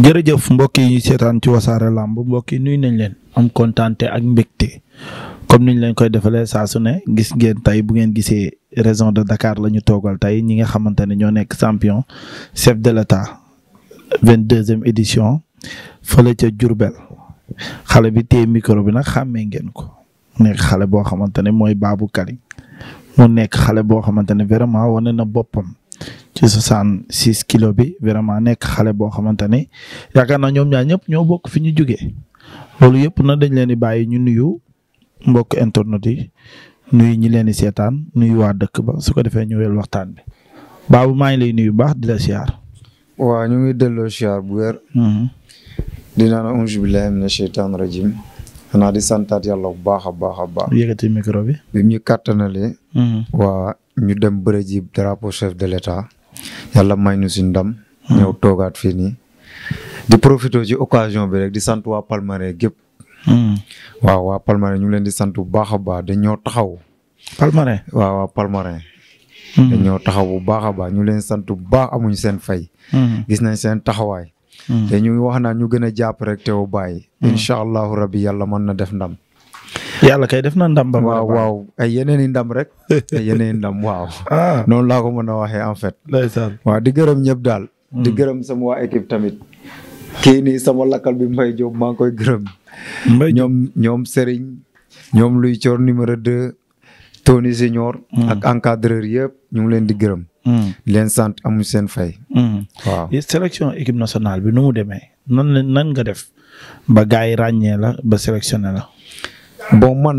jërëjëf mbokk yi ñu seetaan ci wasaare làmb mbokk yi nuyu nañ leen am kontaante ak mbégte comme niñ leen koy defalee saa su ne gis ngeen tey bu ngeen gisee région de Dakar la ñu toogal tey ñi nga xamante ne ñoo nekk champion chef de l'état vingt-deuxième édition fële ca Diourbel xale bi téye micro bi nag xàmmee ngeen ko nekk xale boo xamante ne mooy Babou Kaling mu nekk xale boo xamante ne vraiment wane na boppam ci soixante six kilo bi vraiment nekk xale boo xamante ni yaakaar naa ñoom ñaar ñëpp ñoo bokk fi ñu jugee loolu yëpp na dañ leen di bàyyi ñu nuyu mbokk internet yi nuyu ñi leen di seetaan nuyu waa dëkk ba su ko defee ñëweel waxtaan bi baa maa ngi lay nuyu baax di la siyaar. waa ñu ngi delloo siyaar bu wér. Mhm. di naan auzu billahi mina sheytaan rajim di santaat yàlla bu baax a baax a baax. yëkkati micro bi. bi ñu kàttanalee. Mhm. waa ñu dem bëre ji drapeau chef de l' yàlla may ñu si ndam. ñëw hmm. toogaat fii nii. di profité ci occasion bi rek di sant waa Palmarin gépp hmm. waaw waa Palmarin ñu ngi leen di sant bu baax a baax dañoo taxaw. Palmarin waaw waa Palmarin. Hmm. dañoo taxaw bu baax a baax ñu leen sant bu baax amuñu seen fay. gis nañ seen taxawaay. te ñu ngi wax naa ñu gën a jàpp rek teew bàyyi. incha allahu rabbi yàlla mën na def ndam. yàlla kay def na ndam ba. waaw waaw ay yeneen i ndam rek ay yeneen ndam waaw. ah noonu laa ko mën a waxee en fait. ndeysaan waaw di gërëm ñëpp daal. di hmm. gërëm sama waa équipe tamit. kii nii sama lakkal bi Mbaye Diop maa ngi koy gërëm. ñoom ñoom Serigne. ñoom luy coor numéro deux. Tony Senior. Hmm. ak encadreur yëpp ñu ngi leen di gërëm. Hmm. leen sant amuñu seen fay. waaw sélection équipe nationale bi nu mu demee nan nan nga def ba gars yi ràññee la ba sélectionné la. bon man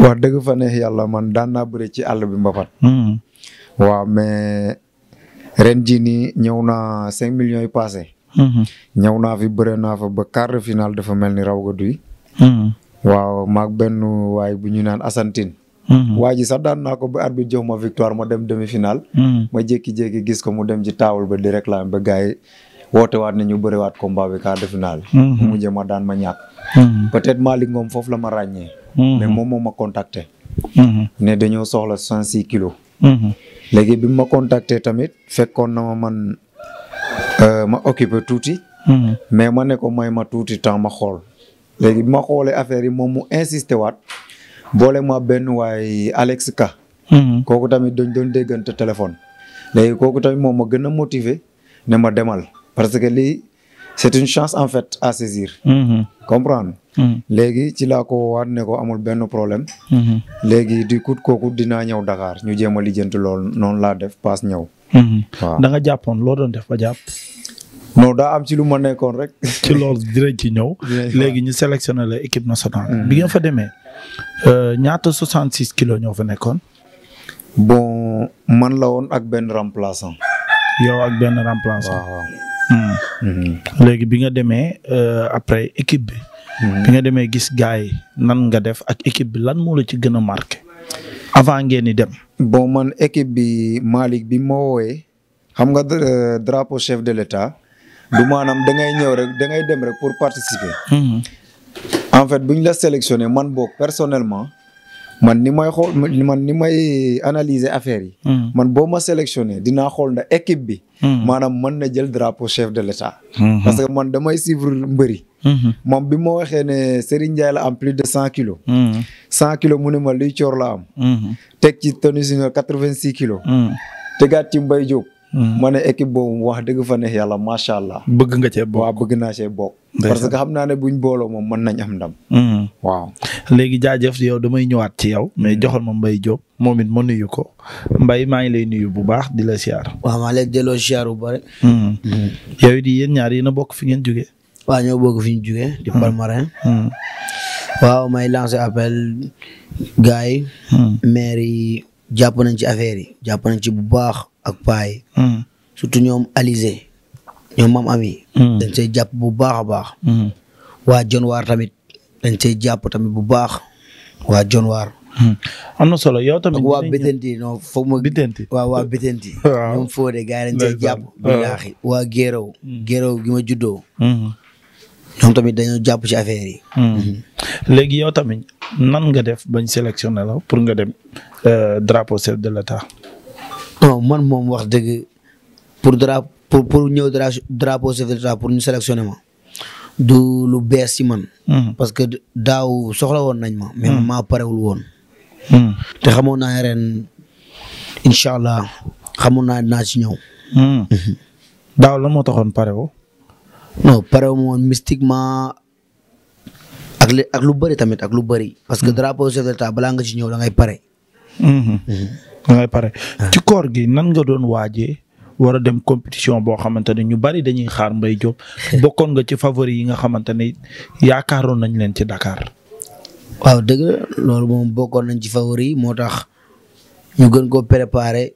wax dëgg fa neex yàlla man daan naa bëre ci àll bi mbapat hmm. waaw mais ren ji nii ñëw na cinq millions yi passé hmm. ñëw naa fi bëre naa fa ba quart de finale dafa mel ni raw ga duy hmm. waa maag benn waay bu ñu naan asantine waa ji sax daan naa ko ba arbitre jox ma victoire ma dem demi-finale ma jékki-jékki gis ko mu dem ci taawul ba direct la ba gars yi woote waat ne ñu bëriwaat combat bi kaa de final. mu mhm. mujjee ma daan ma ñàkk. Mhm. peut-être Malick Ngom foofu la ma ràññee. Mhm. moom moo ma contacté. ne dañoo soxla cent six kilos. léegi bi ma contacté tamit fekkoon na ma man euh, ma occupé tuuti. mais ma ne ko may ma tuuti temps ma xool. léegi bi ma xoolee affaire yi moom mu insisté waat boole ma benn waay Alex Ka. kooku tamit dañ doon déggante téléphone. léegi kooku tamit moom ma gën a motivé ne ma demal. parce que lii c'est une chance en fait à saisir. Mm-hmm. comprendre mm-hmm. léegi ci laa ko waat ne amul benn problème. Mm-hmm. léegi di kut kooku dinaa ñëw Dakar ñu jéem a lijjanti loolu noonu laa def paas ñëw. waaw da nga jàppoon loo doon def ba jàpp. non daa am ci lu ma nekkoon rek. ci loolu dinañ ci ñëw. léegi ñu sélectionné la équipe nationale. bi ngeen fa demee euh, ñaata 66 kilos ñoo fa nekkoon. bon man la woon ak benn remplaçant. yow ak benn remplaçant. waaw Hmm. Hmm. léegi bi nga demee euh, après équipe bi. Hmm. bi nga demee gis gars yi nan nga def ak équipe bi lan moo la ci gën a marqué. avant ngeen di dem. bon man équipe bi Malick bi ma wooyee xam nga euh, drapeau chef de l'état du maanaam da ngay ñëw rek da ngay dem rek pour participer. en fait bu ñu la sélectionné man boog personnellement. man ni may xool man ni may analyser affaire yi. Hmm. man boo ma sélectionné dinaa xool ndax équipe bi. Hmm. maanaam man na jël drapeau chef de l' état. Hmm. parce que man damay suivre mbëri. moom bi ma waxee ne Serigne Ndiaye la am plus de cent kilos. cent kilos mu ne ma luy coor la am. tek ci tonus nga quatre vingt six kilos. tegaat ci Mbaye Diop. Mm-hmm. ma ne équipe boobu wax dëgg fa ne yàlla macha allah. bëgg nga cee bokk waaw bëgg naa cee bokk. parce que xam naa ne buñ booloo moom mën nañ am ndam. Mm-hmm. waaw léegi jaajëf yow damay ñëwaat ci yow. mais mm-hmm. joxal ma mbay Diop moom it ma nuyu ko mbay maa ngi lay nuyu bu baax di la siyaar. waaw maa lay delloo siyaar bu bëri. yow di yéen ñaar yéen a bokk fi ngeen juge waa ñëw bokk fi ñu jugee. di Palmarin. waaw may lancer appel gars yi. maire yi jàpp nañ ci affaire yi jàpp nañ ci bu baax. ak paay yi. Hmm. surtout ñoom alise ñoom mam ami hmm. dañ see jàpp bu baax a baax. Hmm. waa jon waar tamit dañ see jàpp tamit bu baax waa Jonwaar. am na solo yow tamit. waa Betenti non foog ma. Betenti waaw waa Betenti. waaw ñoom Fodé gars yi waa Géeraw. Géeraw gi juddoo. ñoom tamit dañoo jàpp ci affaire yi. léegi yow tamit nan nga def bañ sélectionné la pour nga dem euh, drapeau chef de l' état. non man moom wax dëgg pour dra pour pour ñëw dra drapeau chef pour ñu sélectionné ma du lu bees ci man. Hmm. parce que daaw soxla woon nañ ma. Hmm. parewul woon. Hmm. te xamoon naa ren incha allah xamoon naa dinaa ci ñëw. Mhm. daaw la moo taxoon parewu. non parewu ma woon mystiquement ak ak lu bëri tamit ak lu bëri. parce que drapeau chef de l'État balaa nga ci ñëw la ngay pare. da mhm. mhm. ngay pare ah. ci koor gi nan nga doon waajee war dem compétition boo xamante ne ñu bari dañuy xaar mbay Diop bokkoon nga ci favori yi nga xamante ne yaakaaroon nañ leen ci Dakar. waaw dëgg loolu moom bokkoon nañ ci favori moo tax ñu gën koo préparer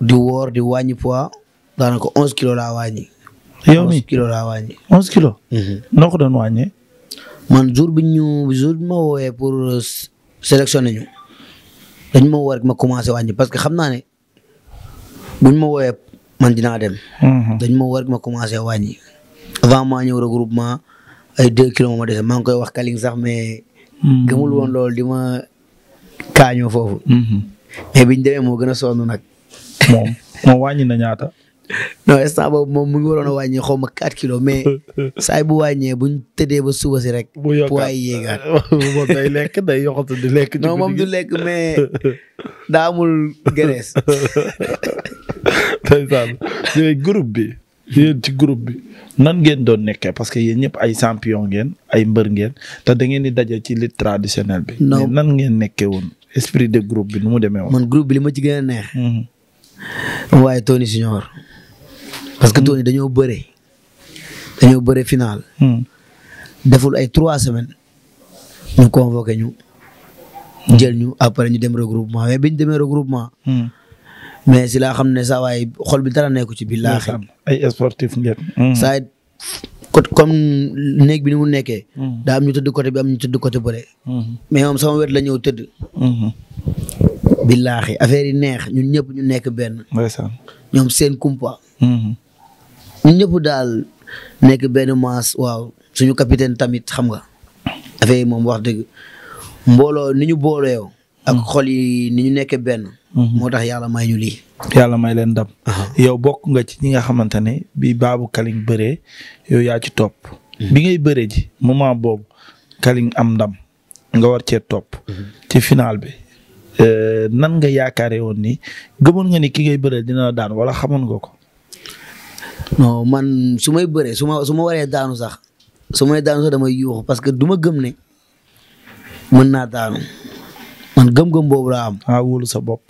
di woor di wàññi poids daanaka onze kilo laa wàññi. yow mi onze kilos laa wàññi. onze mhm. doon wàññee. man jour bi ñu jour bi ma woowee pour euh, sélectionner ñu. dañ ma woo rek ma commencé wàññi parce que xam naa ne ma woowee man dinaa dem. Mhm. dañ ma woo rek ma commencé wàññi avant maa ñëw regroupement ay deux kilos ma dese maa ngi koy wax kaling sax mais. Mhm. gëmul woon loolu di ma kaañoo foofu. Mhm. mais biñ demee moo gën a sonn nag. moo wàññi na ñaata. non instant boobu moom mu ngi waroon a wàññi xaw ma 4 kilos mais saay bu wàññee buñ tëddee ba suba si rek. bu yokkaat poids yi yéegaat. moom day lekk day lekk. non moom du lekk mais daa amul gënees. groupe bi ci groupe bi nan ngeen doon nekkee parce que yéen ñëpp ay champion ngeen ay mbër ngeen te da ngeen di ci lutte traditionnelle bi. non nan ngeen nekkee woon esprit de group bi nu mu demee woon. man bi li ma ci gën a neex. Mm-hmm. waaye Tony Junior parce que hmm. Tony dañoo bëre dañoo bëre final. Hmm. deful ay trois semaine ñu convoqué ñu. Hmm. jël ñu après ñu dem regroupement mais biñ demee regroupement. mais si laa xam ne saa waay xol bi dara nekku ci billaahi. ay sportif ngeen. saa it comme néeg bi ni mu nekkee. daa ñu tëdd côté bi tëdd côté bële. mais moom sama wet la ñëw tëdd. billaahi affaire yi neex ñun ñëpp ñu nekk benn. ñoom seen kumpa. ñun ñëpp daal nekk benn maas waaw suñu capitaine tamit xam nga affaire yi moom wax dëgg mbooloo ni ñu booleew ak mm. xol yi ni ñu nekkee benn. Mm-hmm. moo tax yàlla may ñu lii. yàlla may leen dam yow bokk nga ci ñi nga xamante ne bi baabu kaling bëree yow yaa ci topp. Mm-hmm. bi ngay bëree ji moment boobu kaling am ndam nga war cee topp. Mm-hmm. ci final bi euh, nan nga yaakaare woon ni gëmoon nga ni ki ngay bëree dina daan wala xamoon nga ko. man sumay may bëree su ma su ma waree daanu sax su may daanu sax damay yuuxu parce que duma gëm ne mën naa daanu man gëm-gëm boobu laa am. ah wóolu sa bopp.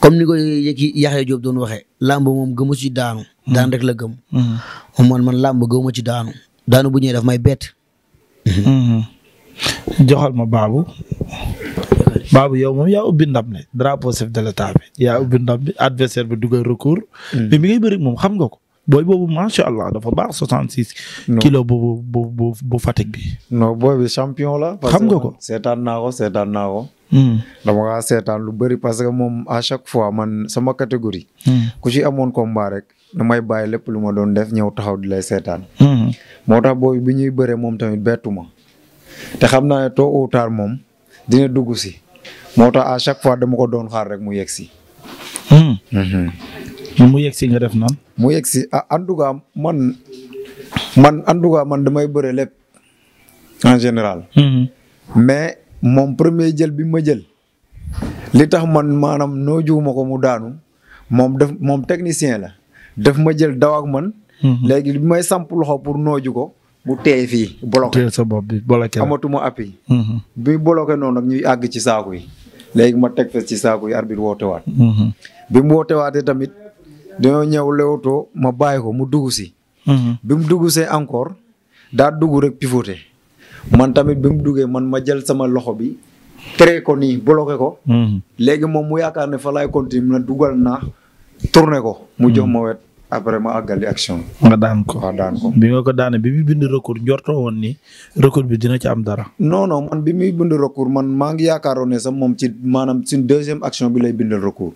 comme ni ko yëkki Yaxya Diop doon waxee làmb moom gëmu ci daan rek la gëm. Mm-hmm. man man làmb gëmu ci daanu daanu bu ñëwee daf may bett. Mm-hmm. joxal ma baabu. baabu yow moom yaa ubbi ndam ne drapeau chef de l'état bi yaa ubbi ndam bi adversaire bi dugal recours. mais mm. mi ngay bëri moom xam nga ko. booy boobu macha allah dafa baax 66. non kilo bu bu bu Fatick bi. non booy bi champion la. xam nga ko seetaan naa ko seetaan naa hmm. dama kaa seetaan lu bëri parce que moom à chaque fois man sama catégorie. Hmm. ku ci amoon komba rek. damay bàyyi lépp lu ma doon def ñëw taxaw di lay seetaan. Hmm. moo tax booy bi ñuy bëree moom tamit bettu ma. te xam naa ne tôt ou tard moom dina dugg si. moo tax à chaque fois dama ko doon xaar rek mu yegg si. Mhm. mu yegg si nga def nan mu yegg si ah en tout cas man man en tout cas man damay bëre lépp en général. Mm-hmm. mais moom premier jël bi ma jël li tax man maanaam noo juuma ko mu daanu moom daf moom technicien la daf ma jël daw ak man. Mm-hmm. léegi bi may samp loxo pour nooju ko bu teey fii bloqué. sa bopp bi bloqué amatuma appui. Mm-hmm. bi bloqué noonu ak ñuy àgg ci saaku yi léegi ma teg fa ci saaku yi arbitre wootewaat. bi tamit. dañoo ñëw lewtoo ma bàyyi ko mu dugg si. Mhm. bi mu dugg see encore daa dugg rek pivoté man tamit bi mu duggee man ma jël sama loxo bi tere ko nii bloqué ko. Mhm. léegi moom mu yaakaar ne fa laay continuer na dugal naa tourné ko. mu jox ma wet après ma àggali action a daan ko a daan ko. bi nga ko daane bi muy bind recours njortoo woon ni recours bi dina ci am dara. non non man bi muy bind recours man maa ngi yaakaaroon ne sax moom ci maanaam suñ deuxième action bi lay bindal recours.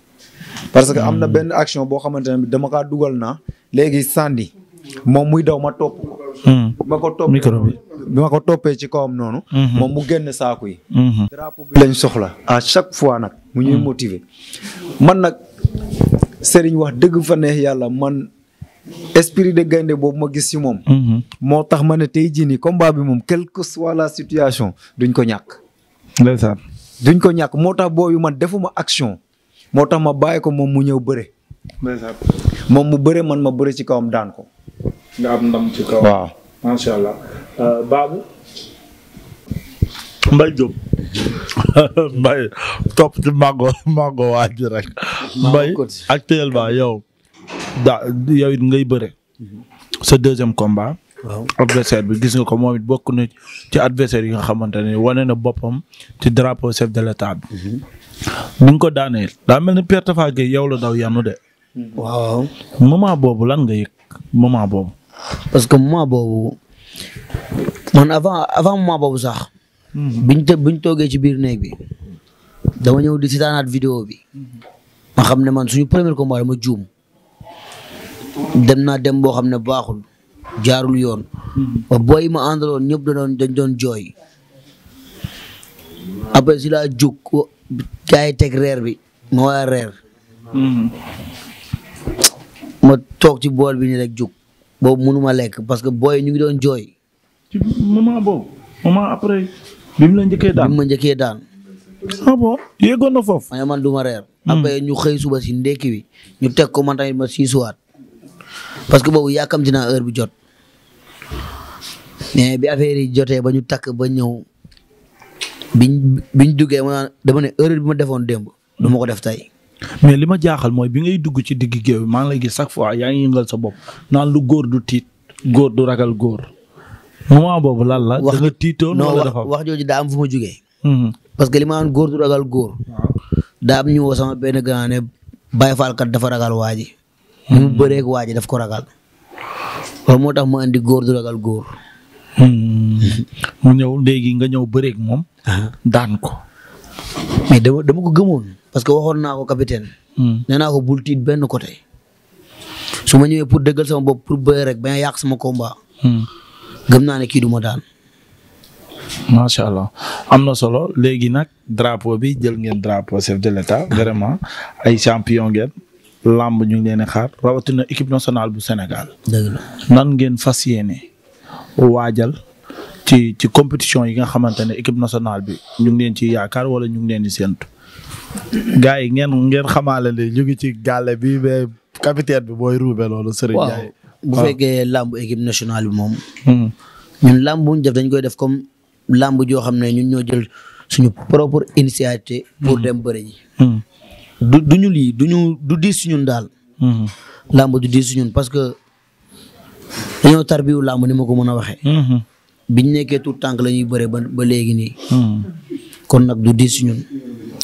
parce que am na hmm. benn action boo xamante ne dama kaa dugal naa léegi sandi moom muy daw ma topp ko. Hmm. ko topp micro bi. ma ko toppee ci kawam noonu. Hmm. moom mu génn saako yi. drapeau bi lañ soxla à chaque fois nag. mu ñuy motiver man nag seriñ wax dëgg fa neex yàlla man esprit de gaynde boobu ma gis ci moom. moo tax ma ne te jii nii combat bi moom quelque que soit la situation duñ ko ñàkk. ndeysaan duñ ko ñàkk moo tax boobu man defuma action. moo tax ma bàyyi ko moom mu ñëw bëre. moom mu bëre man ma bëre ci kawam daan ko. nga am ndam ci kawam. waaw macha allah. Euh, Babou. Mbaye Diop Mbaye topp ci màggo màggo waa ji rek. Mbaye actuellement yow. daa yow ngay bëre. Mhm. sa deuxième combat. waaw adversaire bi gis nga ko moom it bokk na ci adversaire yi nga xamante ne wane na boppam ci drapeau chef de l'état bi. ni mhm. ko daaneel daa mel ni Pierre Tapha Gueye yow la daw yanu de. Mhm. waaw moment boobu lan nga yëg moment boobu. parce que moment boobu man avant avant moment boobu sax. Mhm. biñ te biñ toogee ci biir néeg bi. dama ñëw di sitaanaat vidéo bi. ma xam ne man suñu premier combat dama juum. dem naa dem boo xam ne baaxul. jaarul yoon. Hmm. ba booy ma àndaloon ñëpp da doon dañ doon jooy. après si laa jug gaa yi teg reer bi ma war a reer. Hmm. ma toog ci bool bi ni rek jug boobu mënuma lekk parce que booy ñu ngi doon jooy. bi la njëkkee daan bi mu ma njëkkee daan. ah na foofu. ma ne man du ma reer. Hmm. après ñu xëy suba si ndekki wi ñu teg ko man tamit ma siisuwaat parce que boobu yàkkamti naa heure bi jot. mais bi affaire yi jotee ba ñu takk ba ñëw biñ biñ duggee ma damane ne bi ma defoon demb du ma ko def tey. mais li ma jaaxal mooy bi ngay dugg ci digg géew maa ngi lay gis chaque fois yaa ngi yëngal sa bopp naan lu góor du tiit góor du ragal góor moment boobu lan la. wax da nga tiitoon wala dafa wax jooju daa am fu ma jugee. Mm-hmm. que li ma naan góor du ragal góor. daa am ñu woo benn grand ne Baye dafa ragal waa mu mm-hmm. bëreeg waa ji daf ko ragal. loolu moo tax ma andi góor du ragal góor. Hmm. mu ñëw léegi nga ñëw bëreeg moom. Ah. daan ko. mais dama dama ko gëmoon parce que waxoon naa ko capitaine. Hmm. nee ko bul tiit benn côté. su ma ñëwee pour dëggal sama bopp pour bëre rek ba yàq sama combat. Hmm. gëm naa ne kii du ma daan. macha allah am na solo léegi nag drapeau bi jël ngeen drapeau chef de l'état ah. vraiment ay champion ngeen. làmb ñu ngi leen rawatina équipe nationale bu Sénégal. nan ngeen fas waajal ci ci compétition yi nga xamante ne équipe nationale bi ñu ngi ci yaakaar wala ñu ngi leen di séentu. gars yi ngeen ngeen xamaale ne ñu ngi ci gàlle bi mais capitaine bi mooy ruube loolu Serigne Ndiaye. bu fekkee làmb équipe nationale bi moom. Hmm. ñun làmb bu ñu dañ koy def comme lamb joo xam ne ñun ñoo jël suñu propre initiative. pour hmm. dem bëri ji. Hmm. du du diis ñun daal. làmb du diis ñun parce que. dañoo tarbiwu làmb ni ma ko mën a waxee. Mm-hmm. biñ nekkee tout tànk la ñuy bëre ba ba léegi nii. Mm-hmm. kon nag du diis ñun.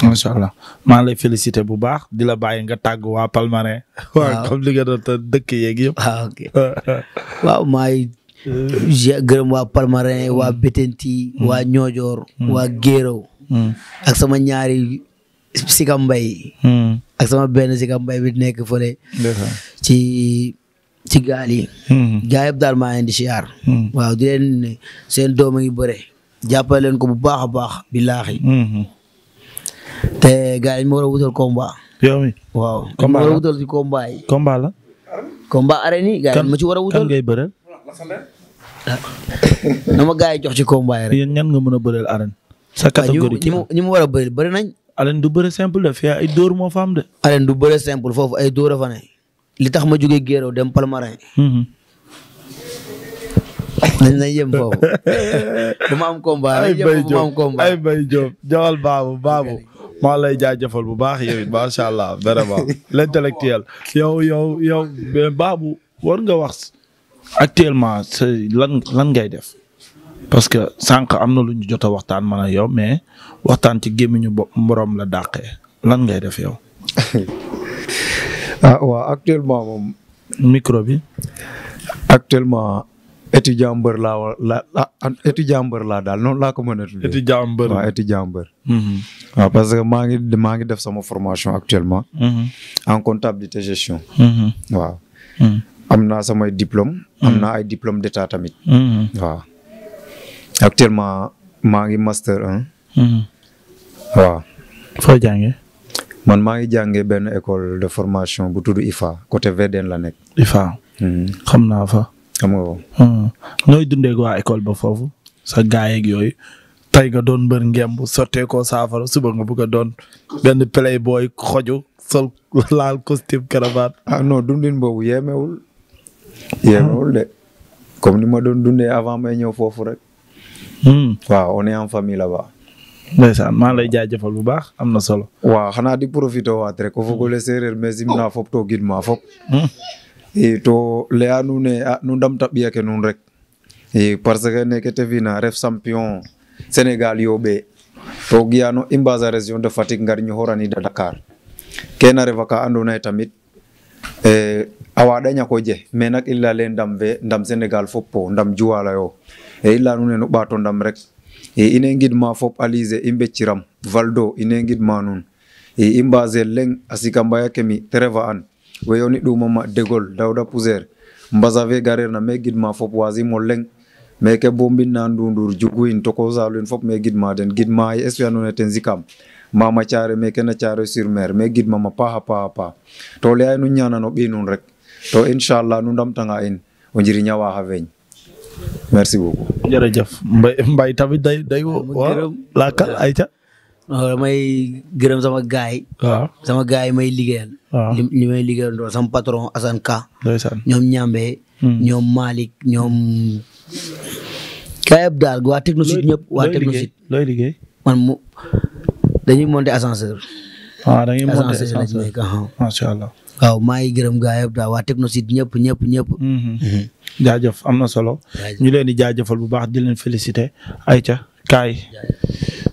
macha allah maa lay félicité bu baax di la bàyyi nga tàgg waa Palmarin. waaw comme li nga doon dëkk yeeg yëpp. Ah, waaw maay gërëm waa Palmarin waa Betenti. Mm-hmm. waa Ñoojoor. waa Géeraw. ak sama ñaari sikam mbay. ak sama benn sikam mbay bi nekk fële. ci ci gaal yi. Hmm. gaa yëpp daal maa leen di siyaar. Hmm. waaw di seen doom yi bëre. jàppale leen ko bu baax a baax billaahi. Hmm. te gaa yi ñu war a wutal combat. yow mi waaw ñu war a wutal ci combat yi. combat ma ci war a wutal kan ngay bëreel. Ah. na ma gaa yi jox ci combat yi rek. yéen ñan nga mën a bëreel arène. sa catégorie ñi ñi a bëreel bëri nañ. arène du bëre simple de fii ay dóor moo fa de. arène du bëre simple foofu ay dóor a li tax ma jógee Guéréo dem Palmarin. nañ mhm. nañ yem foofu. bu ma am combat ay ay bay Diop joxal baabu baabu. maa lay jaajëfal bu baax yow it macha allah vraiment l'intellectuel yow yow yow baabu war nga wax actuellement sa lan lan ngay def. parce que sànq am na lu ñu jot waxtaan man a mais waxtaan ci gémmiñu borom la dàqee lan ngay def yow. ah waaw actuellement moom micro bi. actuellement étudiant laa la étudiant laa daal noonu laa ko mën a tuddee. Mm-hmm. parce que maa ngi maa ngi def sama formation actuellement. Mm-hmm. en comptabilité gestion. Mm-hmm. am naa samay diplôme am naa ay diplôme d'état tamit. actuellement maa ngi master 1. waaw. foo man maa ngi jàngee benn école de formation bu tudd IFA côté VDN la nekk. IFA. Mhm. xam naa fa. xam nga ko. Hmm. nooy dundee waa école ba foofu sa gaa yeeg yooyu tey nga doon mbër ngemb sottee ko saafara suba nga bëgg a doon benn playboy xoju sol laal costume cravate. ah non dundin boobu yeemewul. yeemewul de comme ni ma doon dundee avant may ñëw foofu rek. Hmm. waaw on en famille là ndeysaan maa lay jaajëfal bu baax am na solo. waaw xanaa di profité waat rek o fogole séeréer mais simna fop to gidma fop i hmm. eh, to leya nuun nu ndamta ɓiya ke rek i eh, parce que neke te fina ref champion sénégal yooɓee to giyano i mbasa région de Fatick ngar ñoxoranida Dakar kene a refa ka andoona yee tamit a waaɗa ñak je mais nak le ndam fe ndam sénégal fop po ndam juwala yo eh, e i nu ɓaato ndam rek e inengidma fof alise i becciram valdo inengidma nun e, i mbase leng a sika mbayakemi treva an weyoni ɗumama degol dawda pousére mbasave garerna me gidma fof wasimo leng meke bo mbinna ndundur juguin tokosaluin fop me gidma den gidma ye es fe andona ye mama care meke na care sur mer me gidmama paxa paxa to leya nu ñana no ɓiy nun rek to inchallah nu ndamtanga in o njiriña waxa feeñ merci beaucoup. jërëjëf Mbaye Mbaye tamit day day woo. waaw laakal ayca. waaw damay gërëm sama gaay yi. waaw sama gaay yi may liggéeyal. waaw li may liggéeyal sama patron Assane Ka. ndeysaan ñoom Ñambe. Hmm. ñoom Malick ñoom. kayab daal waa Technosite ñëpp. waa Technosite looy liggéey man mu dañuy monter ascenseur. ah da ngay monter ascenseur uh-huh. macha allah. waaw maa ngi gërëm gaay yëpp daal waa Technosite ñëpp ñëpp ñëpp. Hmm, hmm. Mm-hmm. jaajëf am na solo. ñu leen di jaajëfal bu baax di leen féliciter Aïcha kaay.